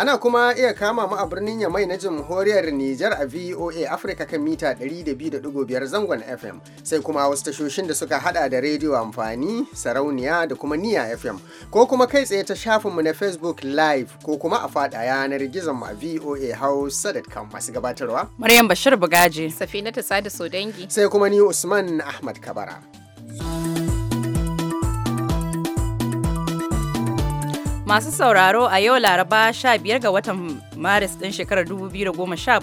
Ana kuma iya kama mu a birnin Yamai na jamhuriyar Nijar a VOA Africa kan mita 102.5 zangon FM sai kuma wasu tashoshin da suka hada da rediyo amfani, sarauniya da kuma niya FM ko kuma kai tsaye ta shafinmu na Facebook Live ko kuma a fada yanar gizon mu a VOA Hausa.com masu gabatarwa. Maryam Bashir Bugaji. Safinata ta sada Sai kuma ni Usman Ahmad Kabara. Masu sauraro a yau Laraba 15 ga watan Maris ɗin shekarar 2017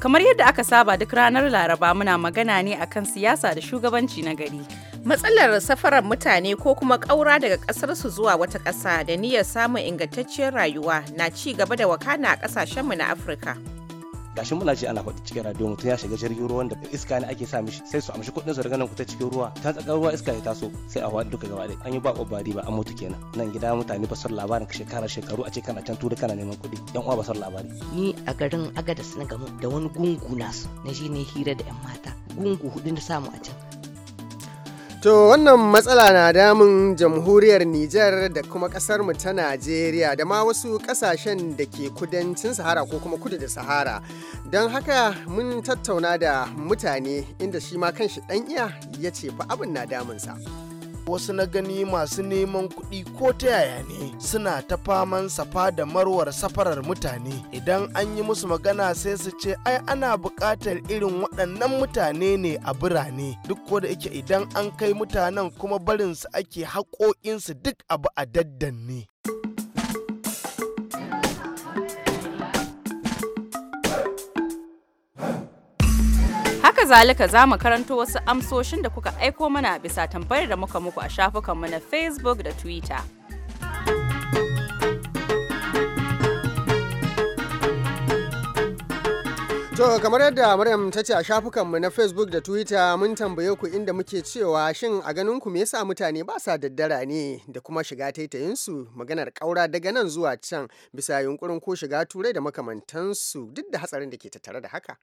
kamar yadda aka saba duk ranar Laraba muna magana ne akan siyasa da shugabanci na gari. Matsalar safarar mutane ko kuma ƙaura daga ƙasarsu zuwa wata ƙasa da niyyar samun ingantacciyar rayuwa na ci gaba da wakana a ƙasashenmu na Afirka. gashi muna ji ana faɗi cikin radio mutum ya shiga jirgin ruwa da iska ne ake sa mishi sai su amshi kuɗin su daga nan kuta cikin ruwa ta tsaka ruwa iska ya taso sai a wani duka gaba ɗaya an yi ba ƙobari ba an mutu kenan nan gida mutane basar labarin shekara shekaru a ce kana can tura kana neman kuɗi yan uwa basar labari ni a garin agadas na gamu da wani gungu nasu na je ne hira da yan mata gungu hudu na samu a can To wannan matsala na damun jamhuriyar Nijar da kuma kasarmu ta Najeriya da ma wasu kasashen da ke kudancin Sahara ko kuma kudu da Sahara. Don haka mun tattauna da mutane inda shi ma kanshi ɗan iya ya ce ba abin na damunsa. wasu na gani masu neman kuɗi ko ta yaya ne suna ta faman safa da marwar safarar mutane idan an yi musu magana sai su ce ai ana buƙatar irin waɗannan mutane ne a birane duk ko da yake idan an kai mutanen kuma barinsu ake haƙoƙinsu duk abu a daddanne Haka zalika za mu karanto wasu amsoshin da kuka aiko mana bisa tambayar da muka muku a shafukanmu na Facebook da Twitter. To kamar yadda Maryam ta ce a shafukanmu na Facebook da Twitter mun tambaye ku inda muke cewa shin a ganin ku me yasa mutane ba sa daddara ne da kuma shiga taitayinsu maganar kaura daga nan zuwa can bisa yunkurin ko shiga turai da makamantansu duk da hatsarin da ke tattare da haka.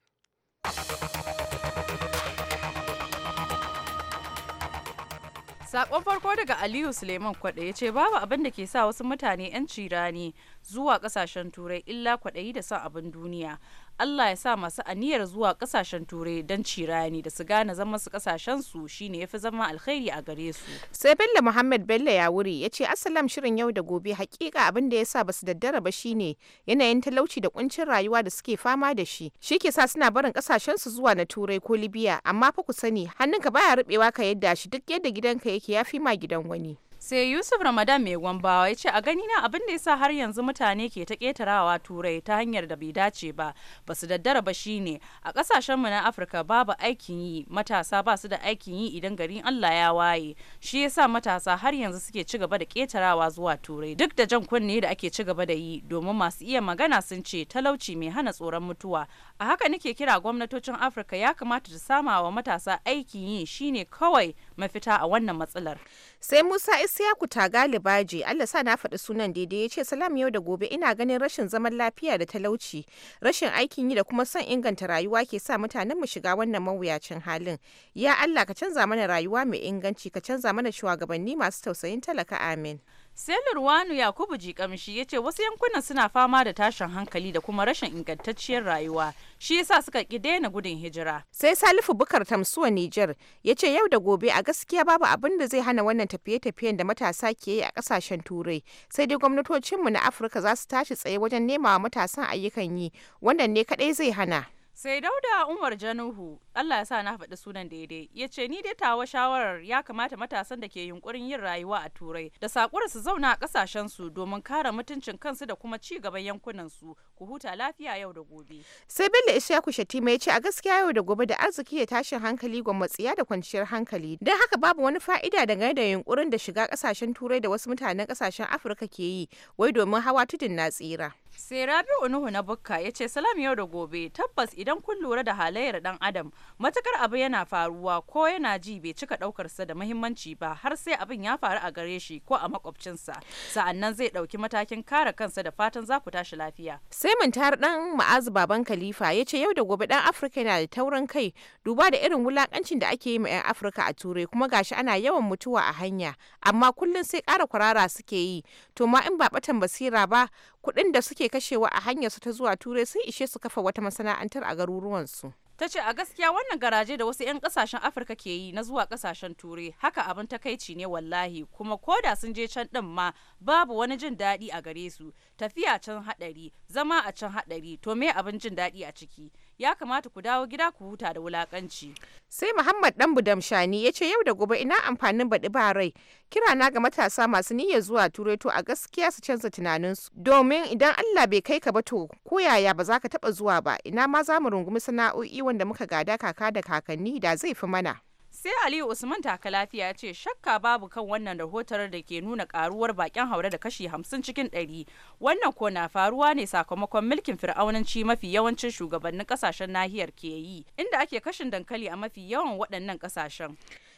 Sakon farko daga Aliyu Suleiman Kwaɗe ya ce babu abin da ke sa wasu mutane 'yan cirani zuwa kasashen turai illa kwaɗayi da son abin duniya. Allah ya sa masu aniyar zuwa kasashen turai don cirani da su gane zama su kasashen su shine yafi zama alkhairi a gare su. Sai Bello Muhammad Bello ya wuri ya ce asalam shirin yau da gobe hakika abin da ya sa basu daddara ba shine yanayin talauci da kuncin rayuwa da suke fama da shi. Shi ke sa suna barin kasashen su zuwa na turai ko Libya amma fa ku sani hannunka baya rubewa ka yadda shi duk yadda gidanka yake ya fi ma gidan wani. sai yusuf ramadan mai gwambawa ya ce a gani na abin da yasa har yanzu mutane ke ta ƙetarawa turai ta hanyar da bai dace ba ba su daddara ba shine a kasashen mu na afirka babu aikin yi matasa ba su da aikin yi idan garin allah ya waye shi ya sa matasa har yanzu suke ci gaba da ƙetarawa zuwa turai duk da jan kunne da ake ci gaba da yi domin masu iya magana sun ce talauci mai hana tsoron mutuwa a haka nake kira gwamnatocin afirka ya kamata ta sama wa matasa aikin yi shine kawai mafita a wannan matsalar. Sai Musa Isiyaku galibaji Allah sa na faɗi sunan daidai ya ce salam yau da gobe ina ganin rashin zaman lafiya da talauci, rashin aikin yi da kuma son inganta rayuwa ke sa mutanen mu shiga wannan mawuyacin halin. Ya Allah ka canza mana rayuwa mai inganci, ka canza mana shugabanni masu tausayin talaka amin. sai wanu yakubu jikamshi ya ce wasu yankunan suna fama da tashin hankali da kuma rashin ingantacciyar rayuwa shi yasa suka ki daina gudun hijira sai salifu bukar tamsuwa nijar ya ce yau da gobe a gaskiya babu abin da zai hana wannan tafiye-tafiyen da matasa ke yi a kasashen turai sai dai gwamnatocinmu na afirka za su tashi tsaye wajen nema wa matasan ayyukan yi wannan ne kadai zai hana sai dauda umar januhu allah ya sa na faɗi sunan daidai ya ce ni dai tawa shawarar ya kamata matasan da ke yunkurin yin rayuwa a turai da sakura su zauna a ƙasashen su domin kare mutuncin kansu da kuma ci gaban yankunan su ku huta lafiya yau da gobe sai bello ishaku shatima ya ce a gaskiya yau da gobe da arziki ya tashin hankali gwammatsiya da kwanciyar hankali dan haka babu wani fa'ida da dangane da yunkurin da shiga ƙasashen turai da wasu mutanen ƙasashen afirka ke yi wai domin hawa tudun na tsira sai rabi'u nuhu na bukka ya ce salam yau da gobe tabbas idan kun lura da halayyar dan adam matukar abu yana faruwa ko yana ji bai cika daukarsa da muhimmanci ba har sai abin ya faru a gare shi ko a makwabcinsa sa'annan zai dauki matakin kare kansa da fatan za ku tashi lafiya sai mun muntar dan ma'azu baban khalifa ya ce yau da gobe dan afirka yana da taurin kai duba da irin wulakancin da ake yi ma yan afirka a turai kuma gashi ana yawan mutuwa a hanya amma kullum sai kara kwarara suke yi to ma in ba batan basira ba kuɗin da suke kashewa a hanyar su ta zuwa turai sun ishe su kafa wata masana'antar a garuruwansu ta ce a gaskiya wannan garaje da wasu 'yan kasashen afirka ke yi na zuwa kasashen turai haka abin takaici ne wallahi kuma ko da sun je can ɗin ma babu wani jin daɗi a gare su tafiya can haɗari zama a can haɗari to me abin jin daɗi a ciki ya kamata ku dawo gida ku huta da wulakanci. Sai Muhammad Dan Budamshani ya ce yau da gobe ina amfanin baɗi ba rai. Kira na ga matasa masu niyyar zuwa turai to a gaskiya su canza tunaninsu. Domin idan Allah bai kai ka ba to ko yaya ba za ka taɓa zuwa ba ina ma za mu rungumi sana'o'i wanda muka gada kaka da kakanni da zai fi mana. sai aliyu usman taka lafiya ce shakka babu kan wannan rahotar da ke nuna karuwar bakin haure da kashi hamsin cikin ɗari wannan ko na faruwa ne sakamakon mulkin fir'aunanci mafi yawancin shugabannin kasashen nahiyar ke yi inda ake kashin dankali a mafi yawan waɗannan kasashen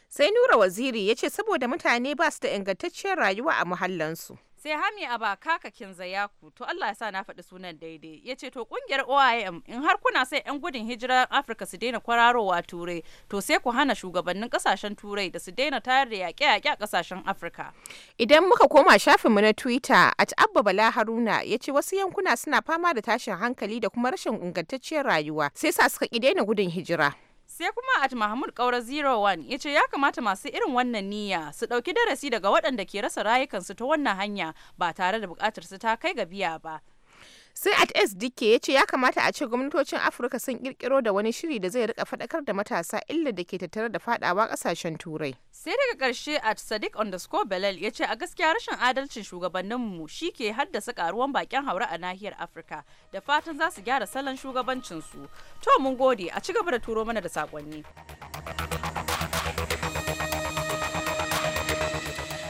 sai nura waziri ya ce saboda mutane ba su da ingantacciyar rayuwa a muhallansu sai hami a ba kaka zayaku to Allah ya sa na faɗi sunan daidai ya ce to kungiyar OIM in har kuna sai 'yan gudun hijirar Afirka su daina kwararowa turai to sai ku hana shugabannin kasashen turai da su daina tayar da yaƙe-yaƙe a kasashen Afirka. Idan muka koma shafin mu na Twitter at Abba Bala Haruna ya ce wasu yankuna suna fama da tashin hankali da kuma rashin ingantacciyar rayuwa sai sa suka ƙi daina gudun hijira. sai kuma at mahmud kaura 01 ya ce ya kamata masu irin wannan niyya su dauki darasi daga waɗanda ke rasa rayukansu ta wannan hanya ba tare da bukatar su ta kai ga biya ba sai at sdk ya ce ya kamata a ce gwamnatocin afirka sun kirkiro da wani shiri da zai rika fadakar da matasa illa da ke tattare da fadawa kasashen turai sai daga karshe at sadiq underscore belal ya ce a gaskiya rashin adalcin shugabanninmu shi ke haddasa karuwan bakin haura a nahiyar afirka da fatan za su gyara salon shugabancinsu to mun gode a ci gaba da turo mana da saƙonni.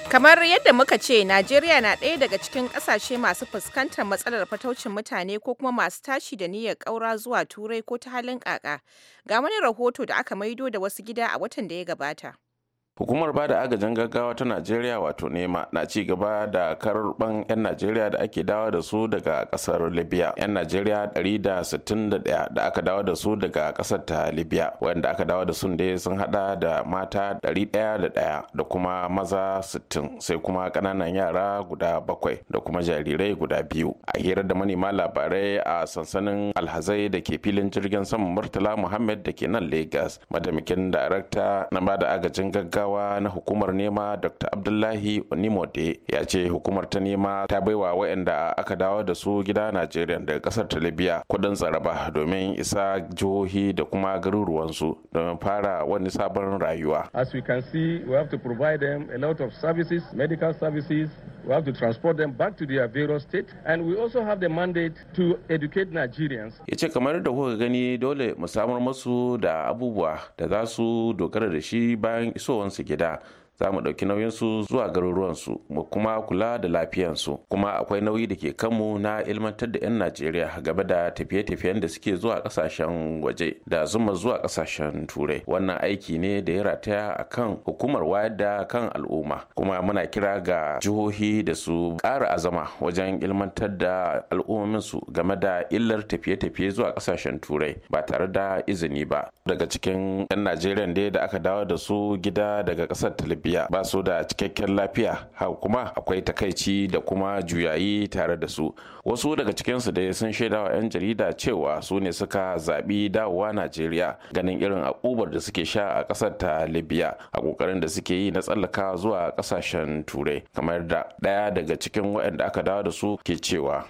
Kamar yadda muka ce, Najeriya na ɗaya daga cikin ƙasashe masu fuskantar matsalar fataucin mutane ko kuma masu tashi da niyyar ƙaura zuwa Turai ko ta halin ƙaƙa. Ga wani rahoto da aka maido da wasu gida a watan da ya gabata. hukumar ba da agajin gaggawa ta najeriya wato nema na ci gaba da karban 'yan najeriya da ake dawo da su daga kasar libya 'yan najeriya 161 da aka dawo da su daga kasar ta libya wanda aka dawo da sun da sun hada da mata 101 da kuma maza 60 sai kuma kananan yara guda bakwai da kuma jarirai guda biyu a hira da manema labarai a sansanin alhazai da ke filin jirgin saman murtala muhammad da ke nan lagos madamakin darakta na ba da agajin gaggawa gaggawa na hukumar nema dr abdullahi onimode ya ce hukumar ta nema ta baiwa waɗanda aka dawo da su gida najeriya daga kasar ta libya kudin tsaraba domin isa jihohi da kuma garuruwansu domin fara wani sabon rayuwa as we can see we have to provide them a lot of services medical services We have to transport them back to their various states and we also have the mandate to educate Nigerians. Ya ce kamar da kuka gani dole mu samar masu da abubuwa da za su dogara da shi bayan isowansu gida za mu ɗauki nauyinsu zuwa garuruwansu mu kuma kula da su kuma akwai nauyi da ke kanmu na ilmantar da 'yan najeriya game da tafiye-tafiyen da suke zuwa kasashen waje da zuma zuwa kasashen turai wannan aiki ne da ya rataya a kan hukumar wayar da kan al'umma kuma muna kira ga jihohi da su ƙara azama wajen ilmantar da su game da illar tafiye-tafiye zuwa kasashen turai ba tare da izini ba daga cikin 'yan najeriya da aka dawo da su gida daga ƙasar talib biya ba su da cikakken lafiya har kuma akwai takaici da kuma juyayi tare da su wasu daga cikinsu dai sun shaida wa 'yan jarida cewa su ne suka zaɓi dawowa najeriya ganin irin akubar da suke sha a kasar ta libya a ƙoƙarin da suke yi na tsallaka zuwa kasashen turai kamar da ɗaya daga cikin waɗanda aka dawo da su ke cewa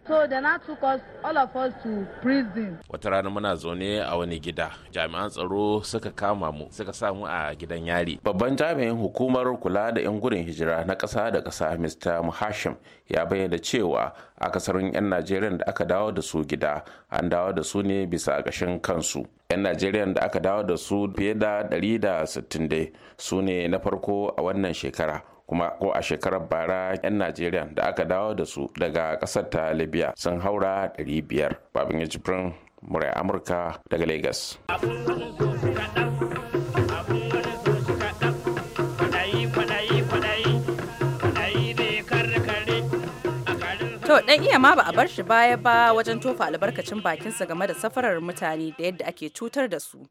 wata rana muna zaune a wani gida jami'an tsaro suka kama mu suka samu a gidan yari babban jami'in hukumar hukumar kula da 'yan gudun hijira na ƙasa da ƙasa mr muhashim ya bayyana cewa a akasarin 'yan najeriya da aka dawo da su gida an dawo da su ne bisa gashin kansu 'yan najeriya da aka dawo da su fiye da 160 dai su ne na farko a wannan shekara kuma ko a shekarar bara 'yan najeriya da aka dawo da su daga kasar ta libya sun haura 500 babin ya murai amurka daga lagos To dan iya ma ba a bar shi baya ba wajen tofa albarkacin bakinsa game da safarar mutane da yadda ake cutar da su.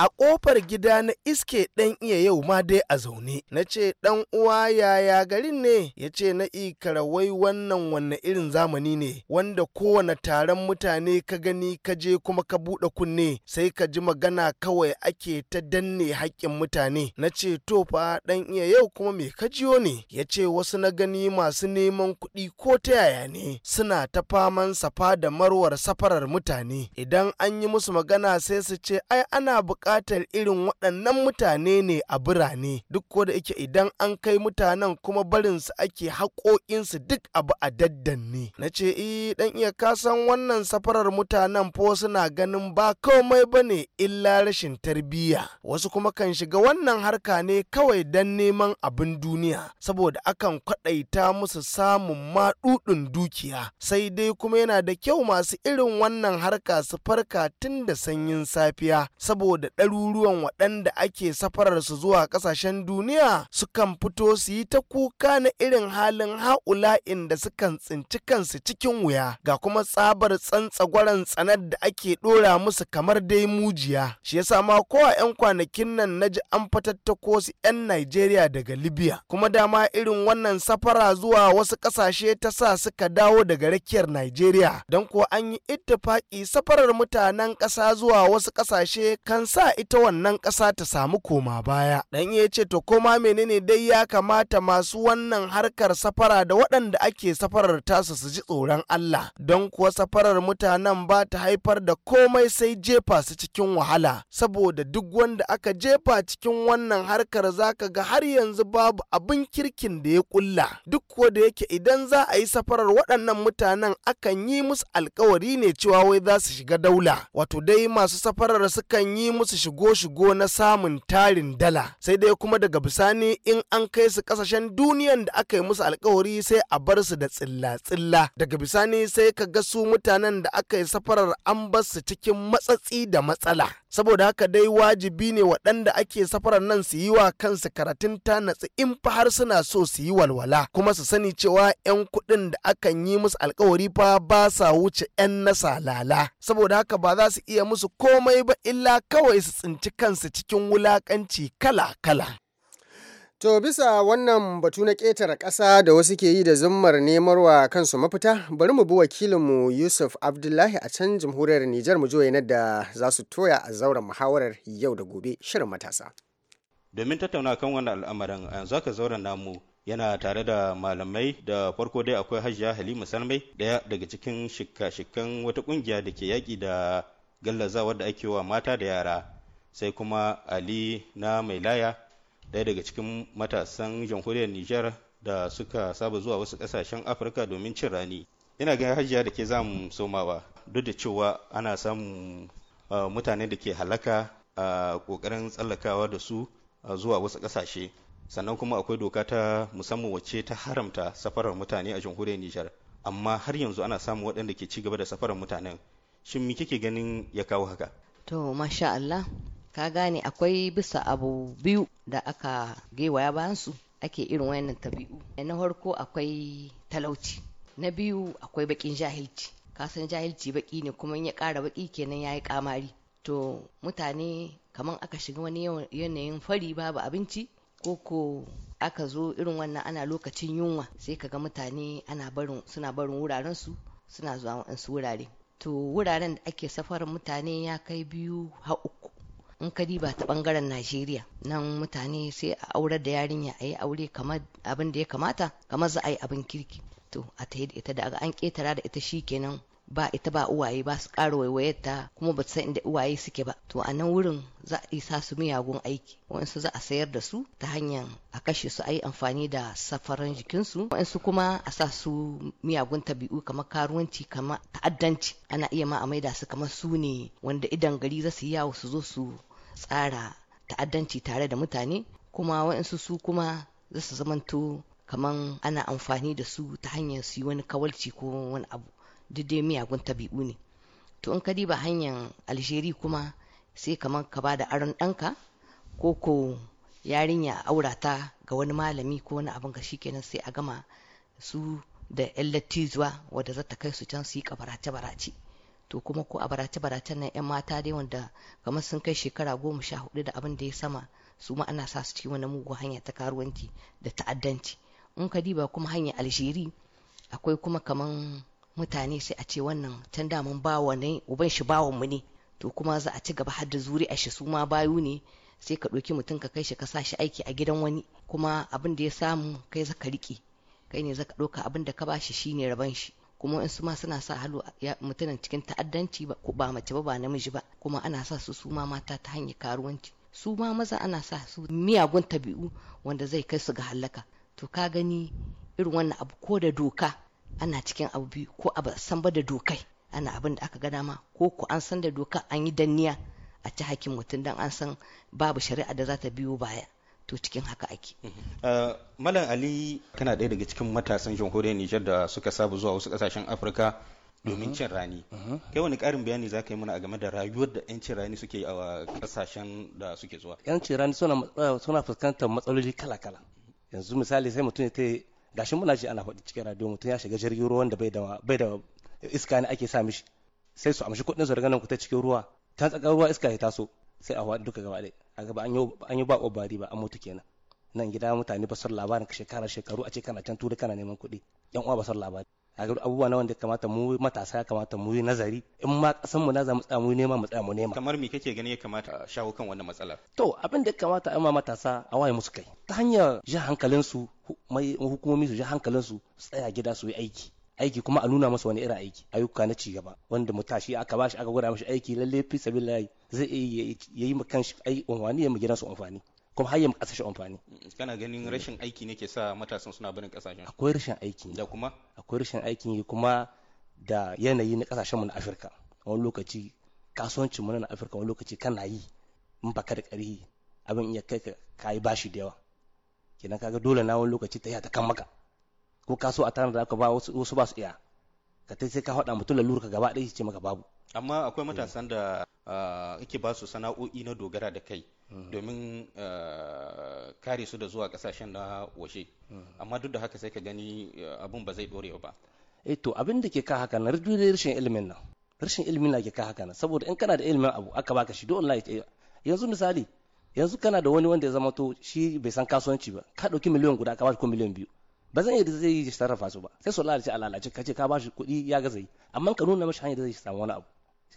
a ƙofar gida na iske ɗan iya yau ma dai a zaune na ce ɗan uwa yaya garin ne ya ce na ikarawai wannan wanne irin zamani ne wanda kowane taron mutane ka gani ka je kuma ka buɗe kunne sai ka ji magana kawai ake ta danne haƙƙin mutane na ce to fa ɗan iya yau kuma me ka jiyo ne ya ce wasu na gani masu neman kuɗi ko ta yaya ne suna ta faman safa da marwar safarar mutane idan an yi musu magana sai su ce ai ana buƙatar buƙatar irin waɗannan mutane ne a birane duk ko da yake idan an kai mutanen kuma barin su ake haƙoƙinsu duk abu a daddanne na ce eh dan iya kasan wannan safarar mutanen fo suna ganin ba komai ba ne illa rashin tarbiyya wasu kuma kan shiga wannan harka ne kawai dan neman abin duniya saboda akan kwaɗaita musu samun maɗuɗin dukiya sai dai kuma yana da kyau masu irin wannan harka su farka tun da sanyin safiya saboda ɗaruruwan waɗanda ake safarar su zuwa ƙasashen duniya sukan fito su yi ta kuka na irin halin ha'ula'in da sukan tsinci kansu cikin wuya ga kuma tsabar tsantsagwaran tsanar da ake ɗora musu kamar dai mujiya shi yasa ma ko a 'yan kwanakin nan na ji an fatattako su 'yan Najeriya daga Libya kuma dama irin wannan safara zuwa wasu ƙasashe ta sa suka dawo daga rakiyar Najeriya don ko an yi ittifaƙi safarar mutanen ƙasa zuwa wasu ƙasashe kan sa ita wannan ƙasa ta samu koma baya dan ya ce to koma menene dai ya kamata masu wannan harkar safara da waɗanda ake safarar tasu su ji tsoron Allah don kuwa safarar mutanen ba ta haifar da komai sai jefa su cikin wahala saboda duk wanda aka jefa cikin wannan harkar zaka ga har yanzu babu abin kirkin da ya kulla duk ko da yake idan za a yi safarar waɗannan mutanen akan yi musu alkawari ne cewa wai za su shiga daula wato dai masu safarar sukan yi musu shigo-shigo na samun tarin dala sai dai kuma daga bisani in an kai su kasashen duniyan da aka yi musu alkawari sai a bar su da tsilla-tsilla daga bisani sai ka ga su mutanen da aka yi safarar an bar su cikin matsatsi da matsala saboda haka dai wajibi ne waɗanda ake safarar nan su yi wa kansu karatun tanatsi in fa har suna so su yi walwala kuma su sani cewa 'yan kuɗin da akan yi musu alkawari fa ba sa wuce 'yan nasa lala saboda haka ba za su iya musu komai ba illa kawai su tsinci kansu cikin wulakanci kala-kala. To bisa wannan batu na ƙetare ƙasa da wasu ke yi da zummar nemarwa kansu mafita bari mu bi wakilinmu Yusuf Abdullahi a can jamhuriyar Nijar mu yana da za su toya a zauren muhawarar yau da gobe shirin matasa. Domin tattauna kan wannan al'amarin a yanzu aka zauren namu yana tare da malamai da farko dai akwai hajiya halima salmai daya daga cikin shika-shikan wata ƙungiya da ke yaƙi da gallazawa da ake wa mata da yara sai kuma ali na mai laya ɗaya daga cikin matasan jamhuriyar nijar da suka saba zuwa wasu ƙasashen afirka domin cin rani ina ganin hajiya da ke zamu somawa duk da cewa ana samun mutane da ke halaka a ƙoƙarin tsallakawa da su zuwa wasu ƙasashe sannan kuma akwai doka ta musamman wacce ta haramta safarar mutane a jamhuriyar nijar amma har yanzu ana samun waɗanda ke ci gaba da safarar mutanen shin me kike ganin ya kawo haka to masha Allah ka gane akwai bisa abu biyu da aka gewaya bayan su ake irin wayannan tabi'u na farko akwai talauci na biyu akwai bakin jahilci kasan jahilci baki ne kuma in ya kara baki kenan yayi yi kamari to mutane kamar aka shiga wani yanayin fari babu abinci ko ko aka zo irin wannan ana lokacin yunwa sai ka ga mutane ana barin suna barin wuraren su suna zuwa wa'ansu wurare to wuraren da ake safarar mutane ya kai biyu har uku in ka diba ta bangaren najeriya nan mutane sai a aurar da yarinya a yi aure kamar abin da ya kamata kamar za a yi abin kirki to a ta da ita da an ketara da ita shi kenan ba ita ba uwaye ba su ƙara waiwayar kuma ba san inda uwaye suke ba to a nan wurin za a isa su miyagun aiki waɗansu za a sayar da su ta hanyar a kashe su a yi amfani da safaran jikinsu waɗansu kuma a sa su miyagun tabi'u kamar karuwanci kamar ta'addanci ana iya ma a maida su kamar su ne wanda idan gari za su yawo su zo su tsara ta'addanci tare da mutane kuma wa'insu su kuma za su zamanto kaman ana amfani da su ta hanyar su yi wani kawalci ko wani abu duk dai miyagun tabi'u ne to in ka diba hanyar alsheri kuma sai kamar ka ba da aron ɗanka ko ko yarinya aurata ga wani malami ko wani abin ga shikenan sai a gama su da 'yan lattizuwa wadda za ta kai su can su yi kabarace-barace to kuma ko a barace baracen nan yan mata dai wanda kamar sun kai shekara goma sha hudu da abin da ya sama su ma ana sa su cikin wani mugu hanya ta karuwanci da ta'addanci in ka diba kuma hanyar alshiri akwai kuma kamar mutane sai a ce wannan can daman bawa ne uban shi bawan mu ne to kuma za a ci gaba har da zuri a shi su ma bayu ne sai ka ɗauki mutum ka kai shi ka sa shi aiki a gidan wani kuma abin da ya samu kai zaka riƙe kai ne zaka ɗauka abin da ka bashi shine raban shi kuma in su ma suna sa halu mutumin cikin ta'addanci ba mace ba ba namiji ba kuma ana sa su su ma mata ta hanyar karuwanci su ma maza ana sa su miyagun tabi'u wanda zai kai su ga halaka to ka gani irin wannan abu ko da doka ana cikin abu biyu ko a san ba da dokai ana abin da aka ga ma ko ku an san da doka an yi danniya a ci hakkin mutum dan an san babu shari'a da za ta biyo baya to cikin haka ake. Eh, Malam Ali kana ɗaya daga cikin matasan jamhuriyar Nijar da suka saba zuwa wasu ƙasashen Afirka domin cin rani. Kai wani ƙarin bayani za ka yi mana a game da rayuwar da 'yancin rani suke a ƙasashen da suke zuwa. 'Yancin rani eh, suna fuskantar matsaloli kala-kala. Yanzu misali sai mutum ya ta gashi muna ji ana faɗi cikin radio mutum ya shiga jirgin ruwa da bai da iska ne ake sa mishi. Sai su amshi kuɗin su daga nan ta cikin ruwa. Ta tsakar ruwa iska ya taso. sai a wani duka gaba ɗaya a gaba an yi ba obari ba an mutu kenan nan gida mutane ba son labarin ka shekara shekaru a ce kana can turai kana neman kuɗi yan uwa ba son labari a ga abubuwa na wanda kamata mu matasa ya kamata mu yi nazari in ma kasan mu na za mu tsaya mu nema mu tsaya mu nema kamar me kake gani ya kamata shawo kan wannan matsala to abin da ya kamata a ma matasa a waye musu kai ta hanyar ja hankalin su mai hukumomi su ja hankalin su tsaya gida su yi aiki aiki kuma a nuna masa wani irin aiki ayyuka na ci gaba wanda mutashi aka bashi aka gwada mashi aiki lalle fi sabilillahi zai iya yi ma shi ai amfani ya ma gidansu amfani kuma har ya ma shi amfani mm, kana ganin rashin aiki ne ke sa matasan suna barin kasashen akwai rashin aiki da kuma akwai rashin aiki kuma da yanayi na kasashen mu na Afirka wani lokaci kasuwancin mu na Afirka wani lokaci kana yi mun baka da ƙarfi abin iya kai ka kai bashi da yawa kenan kaga dole na wani lokaci ta ta kan maka ko kaso a tana da aka ba wasu ba su iya ka ta sai ka faɗa mutum lalura ka gaba ɗaya ce maka babu amma akwai hmm. matasan da ah, ake ba su sana'o'i na dogara da kai hmm. domin ah, kare su da zuwa kasashen na washe hmm. amma duk da haka sai ka gani ah, abun ba zai dore ba eh to abin da ke ka haka na rashin ilimin nan rashin ilimin na ke ka haka nan saboda in kana da ilimin abu aka baka shi don wallahi eh, yanzu misali yanzu kana da wani wanda ya zama to shi bai san kasuwanci ba ka dauki miliyan guda ka ba shi ko miliyan biyu ba zan iya da zai yi sarrafa su ba sai su lalace a lalace ka ce ka ba shi kuɗi ya gaza yi amma ka nuna mashi hanyar da zai samu wani abu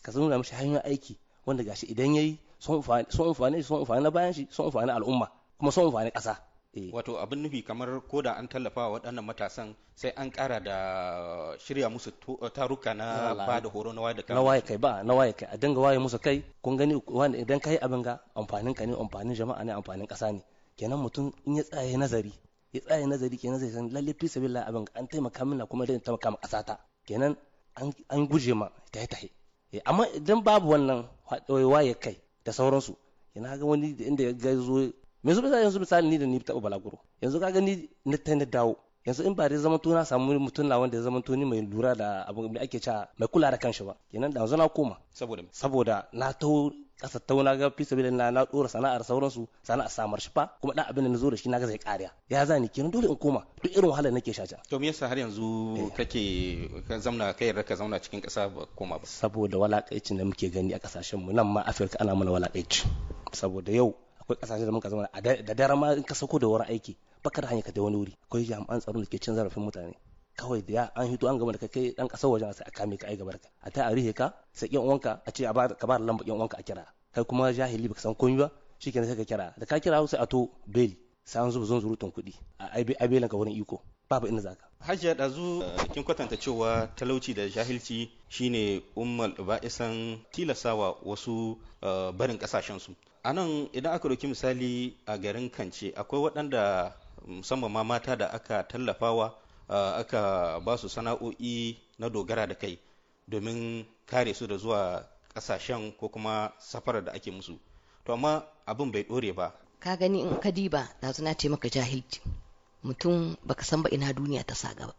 ka nuna mashi hanyoyin aiki wanda gashi idan yayi sun amfani sun amfani na bayan shi sun amfani al'umma kuma sun amfani ƙasa eh. wato abin nufi kamar ko da an tallafa wa waɗannan matasan sai an ƙara da shirya musu taruka na ba da horo na waye kai na waye kai ba na waye kai a dinga waye musu kai kun gani wanda idan kai abin ga amfanin ka ne amfanin jama'a ne amfanin ƙasa ne kenan mutum in ya tsaye nazari ya tsaye nazari kenan zai san lalle fi sabilillah abin an taimaka mina kuma da taimaka ma ƙasa ta kenan an guje ma tahe tahe Eh, amma idan babu wannan haɗewa ya kai da sauransu yana ga wani inda ya zo yanzu misali yanzu misali ni da ni taɓa balaguro yanzu ka gani na ta na dawo yanzu in ba dai zaman na samu mutum na wanda ya zaman ni mai lura da abu da ake cewa mai kula da kanshi ba kenan da na koma saboda saboda na taho kasa tauna ga fi sabilin na na dora sana'ar sauransu sana'ar samar shi fa kuma dan abin da nazo da shi naga zai kariya ya zani kenan dole in koma duk irin wahalar nake shaja to me yasa har yanzu eh. kake ka zamna kai raka zamna cikin kasa ba koma ba saboda walakaicin da muke gani a kasashen mu nan ma Afirka ana mana walakaici saboda yau akwai kasashen da muka zama da daren ma in ka sako da wurin aiki Bakar Hanyar hanya ka da wani wuri akwai an tsaro da ke cin zarafin mutane kawai da ya an hito an gama da kai dan kasar wajen sai a kame ka ai gabar ka a ta a rihe ka sai yan uwanka a ce a ka ba lamba yan uwanka a kira kai kuma jahili baka san komai ba shikenan sai ka kira da ka kira sai a to beli sai an zuba tun kuɗi a belan ka wurin iko babu inda zaka ya ɗazu eh, kin kwatanta cewa talauci da jahilci shine ummal ba'isan tilasawa wasu eh, barin kasashen su anan idan aka ɗauki misali a garin kance akwai waɗanda musamman ma mata da aka tallafawa aka ba su sana'o'i na dogara da kai domin kare su da zuwa kasashen ko kuma safarar da ake musu to amma abin bai dore ba ka gani in ka diba na suna ce maka jahilci mutum baka san ba ina duniya ta sa gaba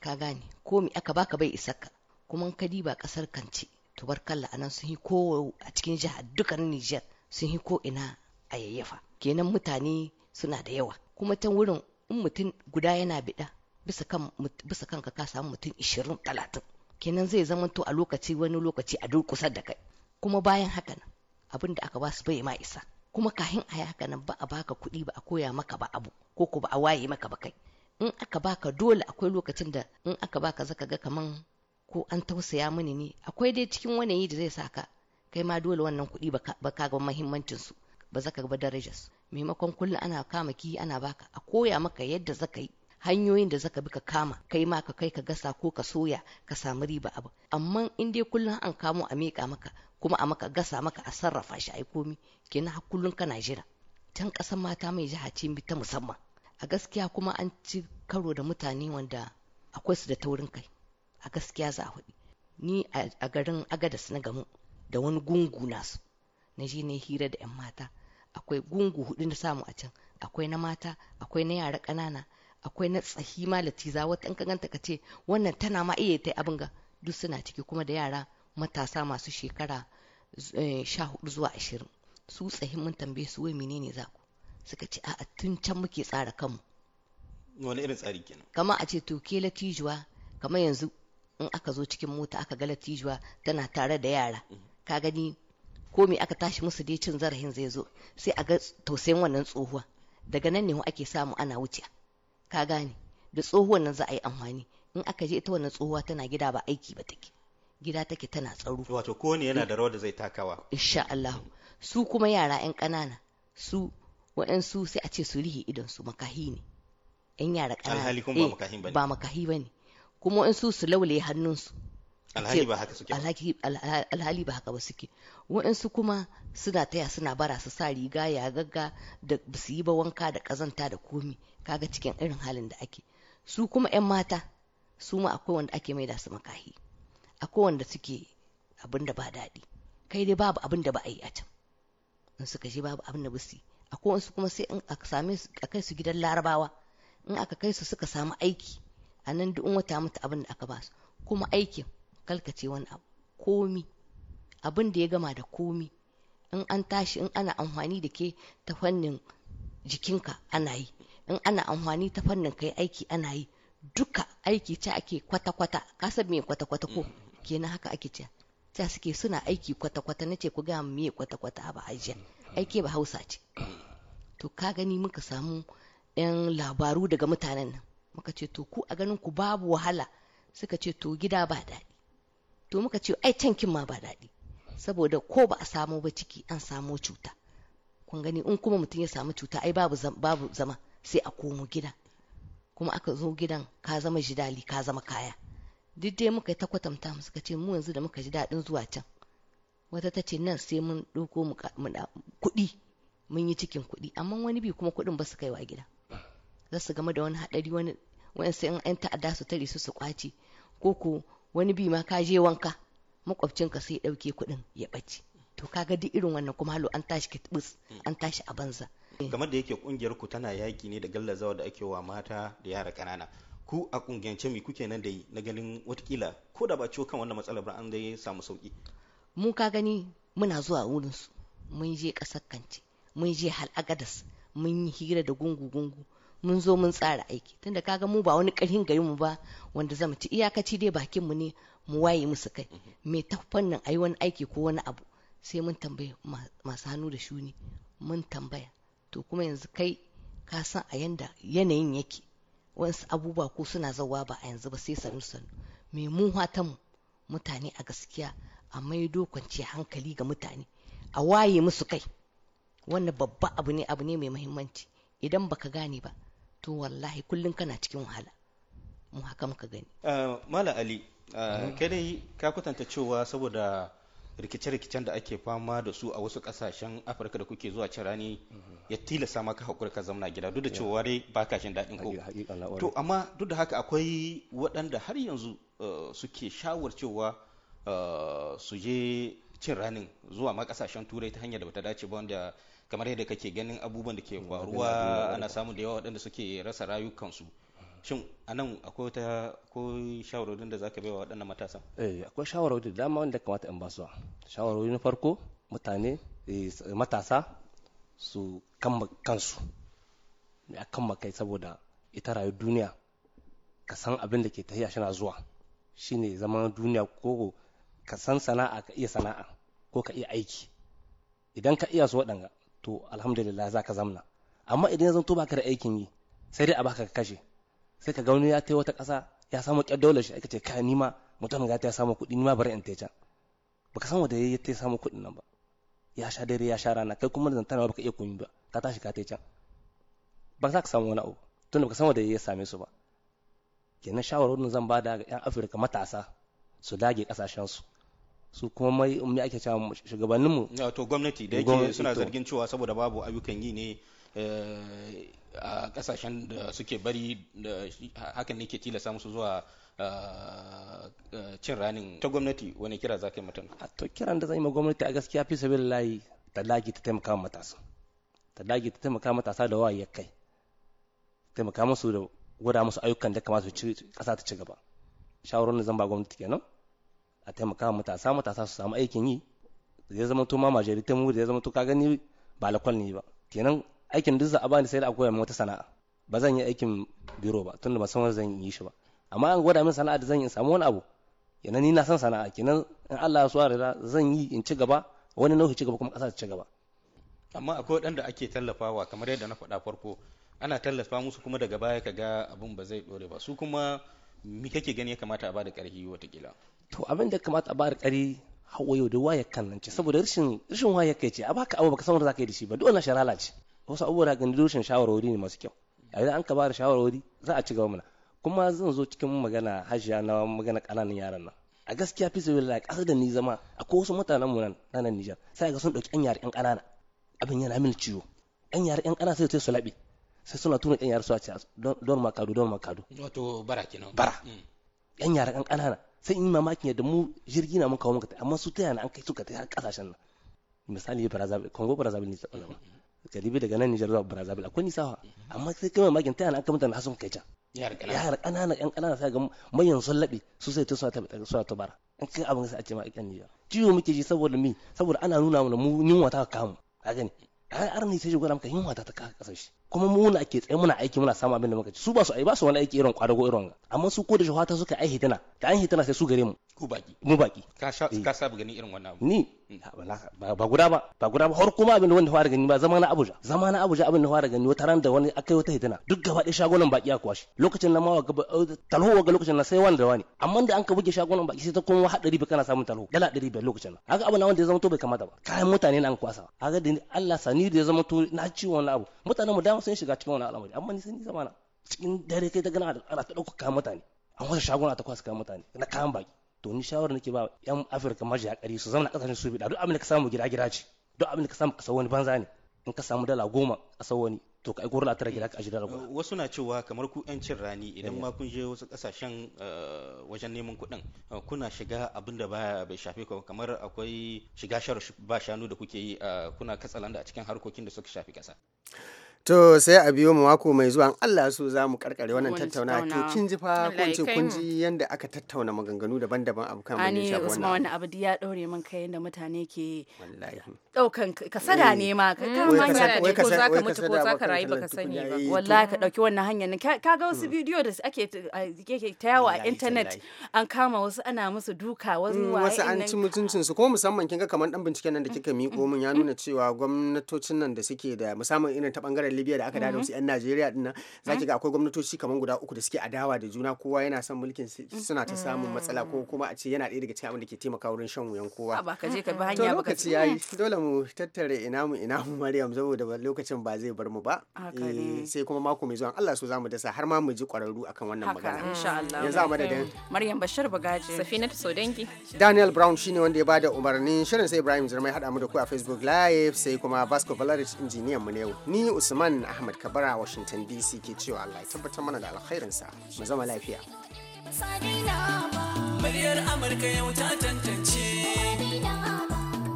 ka gane ko mi aka baka bai isaka kuma in ka diba ƙasar kance barkalla anan sun yi ko a cikin jihar dukkan Nijar sun yi ko ina a yayyafa kenan mutane suna da yawa kuma ta wurin in mutum guda yana biɗa bisa kan bisa kanka ka samu mutum ishirin talatin kenan zai zama to a lokaci wani lokaci a durkusa da kai kuma bayan haka nan abin da aka ba su bai ma isa kuma kahin a haka nan ba a baka kuɗi ba a koya maka ba abu ko ko ba a waye maka ba kai in aka baka dole akwai lokacin da in aka baka zaka ga kaman ko an tausaya mini ne akwai dai cikin wani yi da zai sa ka kai ma dole wannan kuɗi ba ka ga mahimmancin su ba zaka ga darajar su maimakon kullum ana kama kiyi ana baka a koya maka yadda zaka yi hanyoyin da zaka bi ka kama kai ma ka kai ka gasa ko ka soya ka samu riba abu amma in dai kullum an kamo a miƙa maka kuma a maka gasa maka a sarrafa shi ai komi kenan har kullum kana jira can kasan mata mai jiha ce ta musamman a gaskiya kuma an ci karo da mutane wanda akwai su da taurin kai a gaskiya za a ni a garin agadas na gamu da wani gungu nasu na je na hira da 'yan mata akwai gungu hudu na samu a can akwai na mata akwai na yara ƙanana akwai na tsahi ma latiza wata in ka ganta ka ce wannan tana ma iya ta abin ga duk suna ciki kuma da yara matasa masu shekara eh, sha hudu zuwa ashirin su tsahin mun tambaye su wai menene za ku suka ce a tun can muke tsara kanmu wani irin tsari kenan kamar a ce to ke latijuwa kama yanzu in aka zo cikin mota aka ga latijuwa tana tare da yara mm-hmm. ka gani ko me aka tashi musu dai cin zarafin zai zo sai a ga tausayin wannan tsohuwa daga nan ne ake samu ana wuce ka gane da tsohuwan nan za a yi amfani in aka je ita wannan tsohuwa tana gida ba aiki ba take gida take tana tsaro wato ko ne yana da rawar da zai takawa insha Allah su kuma yara yan ƙanana su su sai a ce su rihe idan su makahi ne yan yara ƙanana alhali kuma ba eh, makahi bane ba makahi bane kuma in su su laulaye hannunsu alhali ba haka suke alhali ba haka ba suke waɗansu kuma suna taya suna bara su sa riga ya gagga da su yi ba wanka da kazanta da komi kaga cikin irin halin da ake su kuma 'yan mata su ma akwai wanda ake mai da su makahi akwai wanda suke abin da ba daɗi kai dai babu abin da ba a yi a can in suka je babu abin da ba su yi akwai wasu kuma sai in aka same su a kai su gidan larabawa in aka kai su suka samu aiki a nan duk wata mata abin da aka ba su kuma aikin kalkace wani abu komi abin da ya gama da komi in an tashi in ana amfani da ke ta fannin jikinka ana yi in ana amfani ta fannin kai aiki ana yi duka aiki ce ake kwata-kwata kasar me kwata-kwata ko kenan haka ake ce ta suke suna aiki kwata-kwata na ce ku ga mai kwata-kwata ba ajiya aiki ba hausa ce to ka gani muka samu yan labaru daga mutanen nan muka ce to ku a ganin ku babu wahala suka ce to gida ba daɗi to muka ce ai kin ma ba daɗi saboda ko ba a samo ba ciki an samo cuta kun gani in kuma mutum ya samu cuta ai babu babu zama sai a komo gida kuma aka zo gidan ka zama jidali ka zama kaya duk dai muka ta kwatanta mu suka ce mu yanzu da muka ji daɗin zuwa can wata ta ce nan sai mun ɗauko kuɗi mun yi cikin kuɗi amma wani bi kuma kuɗin ba su kaiwa gida za su game da wani haɗari wani wani sai an ta'adda su tare su su kwace ko ko wani bi ma ka je wanka makwabcinka sai ya ɗauke kuɗin ya ɓace to kaga duk irin wannan kuma halu an tashi kitbus an tashi a banza eh. kamar da yake kungiyar ku tana yaki ne da gallazawa da ake wa mata da yara kanana ku a kungiyance mi kuke nan da yi na ganin watakila ko da ba ciwo kan wannan matsalar ba an ya samu sauki mu ka gani muna zuwa wurin su mun je kasar kance mun je halagadas mun yi hira da gungu gungu mun zo mun tsara aiki tunda kaga mu ba wani karhin gari mu ba wanda zamu ci iyakaci dai bakin mu ne mu waye musu kai mhm. me ta fannin ayi wani aiki ko wani abu sai mun tambaye masu hannu da shuni mun tambaya to kuma yanzu kai ka san a yanda yanayin yake wasu abubuwa ko suna zawa ba a yanzu ba sai sanu-sanu. me mu mu mutane a gaskiya a maido kwanciya hankali ga mutane a waye musu kai wannan babba abu ne abu ne mai muhimmanci idan baka gane ba to wallahi kullum kana cikin wahala mu haka muka gani ah, mala ali ah, kai dai ka kwatanta cewa saboda rikice-rikicen da ake fama da su a wasu kasashen afirka da kuke zuwa cin rani ya tilasa maka haƙuri ka zamna gida duk da cewa dai ba ka shin daɗin ko to amma duk da haka akwai waɗanda har yanzu ah, suke shawar cewa su je cin ranin zuwa ma kasashen turai ta hanyar da bata dace ba wanda kamar yadda kake ganin abubuwan da ke mm, faruwa ana samun da yawa waɗanda suke rasa rayukansu shin anan akwai wata ko shawarorin da za ka baiwa waɗannan matasan eh akwai shawarwari da dama wanda kamata in basuwa shawarwari na farko mutane eh, matasa su kama kansu a kama kai saboda ita rayu duniya ka san abin da ke tafiya shana na zuwa shine zaman duniya ko ka san sana'a ka iya sana'a ko ka iya aiki idan ka iya su waɗanga to alhamdulillah za ka zamna amma idan ya zanto baka da aikin yi sai dai a baka ka kashe sai ka ga wani ya ta wata ƙasa ya samu ƙyar daular shi aka ce ka nima mutum ga ta samu kuɗi nima bari in tai can baka san wanda ya ta samu kuɗin nan ba ya sha dare ya sha rana kai kuma zantana baka iya kunyi ba ka tashi ka tai can ba za ka samu wani abu tunda baka san wanda ya same su ba kenan shawarwarin zan bada ga 'yan afirka matasa su dage su. su kuma mai me ake cewa shugabanninmu to gwamnati da yake suna zargin cewa saboda babu ayyukan yi ne eh, a kasashen da suke bari da hakan ne ke tilasa musu zuwa eh, eh, cin ranin ta gwamnati wani kira za ka yi a to kiran da zan yi ma gwamnati a gaskiya fi sabi layi ta lagi ta taimaka matasa ta lagi ta taimaka matasa da waye kai taimaka musu da gwada musu ayyukan da kamata su ci kasa ta ci gaba shawarar da zan ba gwamnati kenan a taimaka matasa matasa su samu aikin yi zai zama to ma ta mu zai zama to ka gani ba lakwal ne ba kenan aikin duk za a bani sai da akwai koya wata sana'a ba zan yi aikin biro ba tunda ba san wani zan yi shi ba amma an gwada min sana'a da zan yi in samu wani abu kenan ni na san sana'a kenan in Allah ya so yarda zan yi in ci gaba wani nau'i ci gaba kuma ƙasa ci gaba amma akwai waɗanda ake tallafawa kamar yadda na faɗa farko ana tallafa musu kuma daga baya kaga abun ba zai ɗore ba su kuma me kake gani ya kamata a bada ƙarfi watakila to abin da kamata a ba ƙari hawa yau da waya kan nan ce saboda rashin rashin waya kai ce a baka abu baka san wanda zaka yi da shi ba duk wannan sharala ce wasu abubuwa da gani rashin shawarwari ne masu kyau a idan an ka ba da shawarwari za a ci gaba mana kuma zan zo cikin magana hajiya na magana ƙananan yaran nan a gaskiya fi sai lai ƙasar da ni zama akwai wasu mutanen mu nan nan Niger sai ga sun ɗauki ƴan yare ƴan ƙanana abin yana min ciwo ƴan yare ƴan ƙanana sai su labe sai suna tuna ƴan yare su a ci don makadu don makadu wato bara kenan bara mm. yan yara kan kanana sai in mamakin yadda mu jirgi na mun kawo muka amma su ta yana an kai su ka ta kasashen nan misali Brazzaville Congo Brazzaville ne ta ba ka dibi daga nan Nijar zuwa Brazzaville akwai nisawa amma sai kai mamakin ta yana an kai na har sun kai can yara kanana yan kanana sai ga manyan sun laɓe su sai ta suna ta suna ta bara an kai abin sai a ce ma kan Nijar ciwo muke ji saboda mi saboda ana nuna mana mu yunwa ta kamu a gani har arni sai shi gwada maka yunwa ta ta kasashe kuma mu na ake tsaye muna aiki muna samun abin da muka ci su ba su ba su wani aiki irin kwadago irin ga amma su ko da shahata suka ai hitina da an hitina sai su gare mu ku baki mu baki ka sha eh. ka sabu gani irin wannan abu ni mm. ba guda ba ba guda ba har kuma abin da wanda fara gani ba zama na Abuja zama na Abuja abin da fara gani wata ran da wani akai wata hitina duk gaba ɗaya shagunan baki a kwashi lokacin na ma gaba oh, talho ga lokacin na sai wanda wani amma da an ka buge shagunan baki sai ta koma har 100 kana samun talho dala 100 lokacin na haka abin da wanda ya zama to bai kamata ba kayan mutane na an kwasa haka da Allah sani da ya zama to na ci wannan abu mutanen mu da dama sun shiga cikin wani al'amari amma ni sun yi zamana cikin dare kai ta gana da ana ta ɗauka kayan mutane an wata shaguna ta kwasa kayan mutane na kayan baki to ni shawarar nake ba yan afirka a ƙari su zama a ƙasashen su biɗa duk abin da ka samu gida gida ce duk abin da ka samu ƙasar wani banza ne in ka samu dala goma ƙasar wani to ka aiko a gida ka ajiyar goma. wasu na cewa kamar ku yan cin rani idan ma kun je wasu ƙasashen eh, wajen neman kuɗin eh, kuna shiga abin da ya bai shafe ku kamar akwai shiga shar ba shanu da kuke yi eh, kuna katsalanda a cikin harkokin da suka shafi kasa. To sai a biyo mu mako mai zuwa Allah so za mu karkare wannan tattauna to kin ji fa kun ce kun ji yanda aka tattauna maganganu daban-daban abu kan mun shafa wannan. Ani abu ya daure min kai yanda mutane ke daukan kasada ne ma ka manya mm. ka ko zaka mutu ko zaka rayu baka sani ba. Wallahi ka dauki wannan hanyar ka ga wasu mm. bidiyo da ake ke ta yawa a internet an kama wasu ana musu duka wasu mm, wasu an ci mutuncin su ko musamman kin ga kamar dan binciken nan da kika miƙo min ya nuna cewa gwamnatocin nan da suke da musamman irin ta bangaren libya da aka dawo mm-hmm. su yan najeriya dinnan zaki mm-hmm. ga akwai gwamnatoci kamar guda uku da suke adawa da juna kowa yana son mulkin suna ta samun matsala ko kuma a ce yana ɗaya daga cikin abin da ke taimaka wurin shan wuyan kowa ba ka je ka bi hanya ba ka ci yayi dole mu tattare ina mu ina mu maryam saboda lokacin ba zai bar mu ba eh, sai kuma mako mai zuwa Allah so zamu dasa har ma mu ji kwararru akan wannan magana insha Allah yanzu a madadin Maryam Bashir Bagaje Safinatu Sodangi Daniel Brown shine wanda ya bada umarnin shirin sai Ibrahim Jirmai hada mu da ku a Facebook live sai kuma Vasco valerich injiniyan mu ne ni Usman Usman Ahmad Kabara Washington DC ke cewa Allah ya tabbatar mana da alkhairinsa mu zama lafiya. Muryar Amurka yau ta tantance,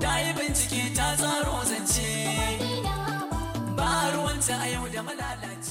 ta yi bincike ta tsaro zance, ba ruwanta a yau da malalaci.